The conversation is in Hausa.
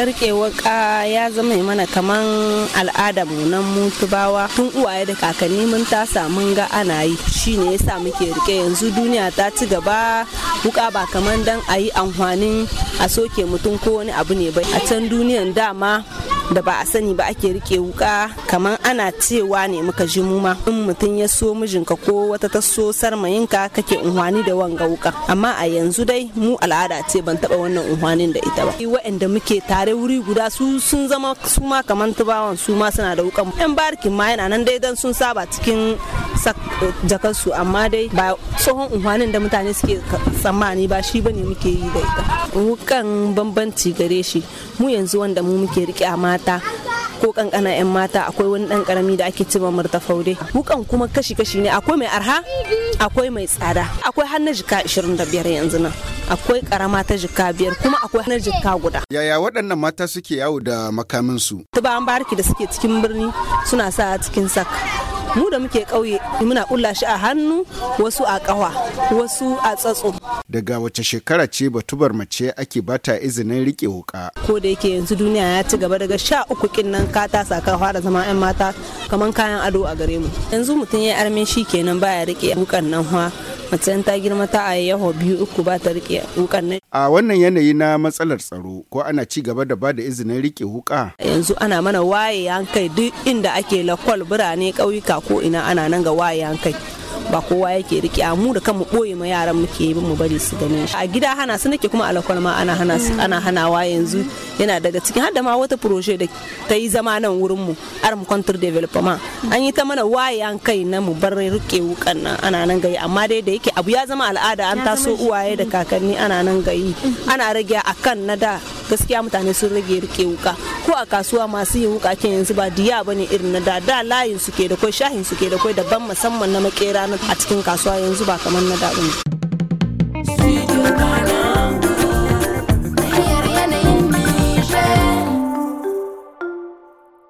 garke riƙewar ya zama mana kaman al'ada mu nan mutubawa tun uwaye da kakanni mun tasa mun ga ana yi shine yasa muke rike yanzu duniya ta ci gaba wuka ba kaman dan a yi amfanin a soke mutum ko wani abu ne ba a can duniyan dama da ba a sani ba ake rike wuka kamar ana cewa ne muka ji mu in mutum ya so mijinka ko wata ta so sarmayinka kake unhwani da wanga wuka amma a yanzu dai mu al'ada ce ban taba wannan unhwanin da ita ba waɗanda muke tare wuri guda su sun zama su ma kamar tubawan su ma suna da wukan yan barkin ma yana nan dai dan sun saba cikin jakarsu amma dai ba tsohon unhwanin da mutane suke tsammani ba shi bane muke yi da ita wukan bambanci gare shi mu yanzu wanda mu muke rike a mata ko kankana 'yan mata akwai wani dan karami da ake cewa murta faude wukan kuma kashi-kashi ne akwai mai arha akwai mai tsada akwai har na jika 25 yanzu nan akwai karama ta jika biyar kuma akwai na jika guda yaya waɗannan mata suke yawo da makamin su ta ba barki da suke cikin birni suna sa cikin sak mu da muke ƙauye muna ƙulla shi a hannu wasu a ƙawa wasu a tsatso daga wace shekara ce batubar mace ake bata izinin rike wuka ko da yake yanzu duniya ya ci gaba daga sha uku kin nan ka ta saka fara zama yan mata kamar kayan ado a gare mu yanzu mutum ya armin shi kenan baya rike wukan nan fa mace ta girma ta yaho biyu uku ba ta rike wukan nan a wannan yanayi na matsalar tsaro ko ana ci gaba da bada izinin rike wuka yanzu ana mana waye kai duk inda ake lakwal birane ƙauyuka ko ina ana nan ga waye kai ba kowa yake rike mu da kanmu boye ma yaran muke bin mu bari su gane shi a gida hana su nake kuma alakwal ma ana hana su ana hanawa yanzu yana daga cikin har da ma wata proje da ta yi zama nan wurin mu arm counter development an yi ta mana wayan kai na mu bar rike wukan nan ana nan gayi amma dai da yake abu ya zama al'ada an taso uwaye da kakanni ana nan gayi ana rage akan na da gaskiya mutane sun rage rike wuka ko a kasuwa masu yin wuka ke yanzu ba diya ne irin na da da layin su ke da kwai shahin su ke da kwai daban musamman na makera a cikin kasuwa yanzu ba kamar na da ne.